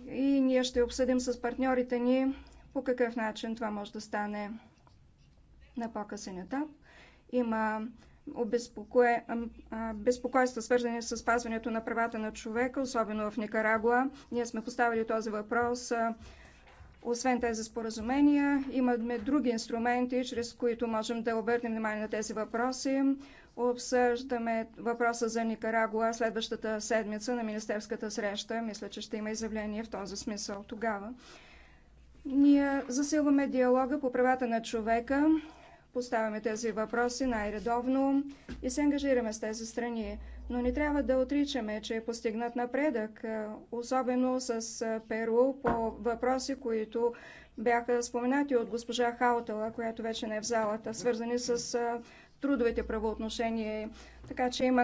и ние ще обсъдим с партньорите ни по какъв начин това може да стане на по-късен етап. Има обезпокое... безпокойства, свързани с спазването на правата на човека, особено в Никарагуа. Ние сме поставили този въпрос освен тези споразумения, имаме други инструменти, чрез които можем да обърнем внимание на тези въпроси. Обсъждаме въпроса за Никарагуа следващата седмица на Министерската среща. Мисля, че ще има изявление в този смисъл тогава. Ние засилваме диалога по правата на човека Поставяме тези въпроси най-редовно и се ангажираме с тези страни. Но не трябва да отричаме, че е постигнат напредък, е, особено с е, Перу по въпроси, които бяха споменати от госпожа Хаутала, която вече не е в залата, свързани с е, трудовите правоотношения. Така че има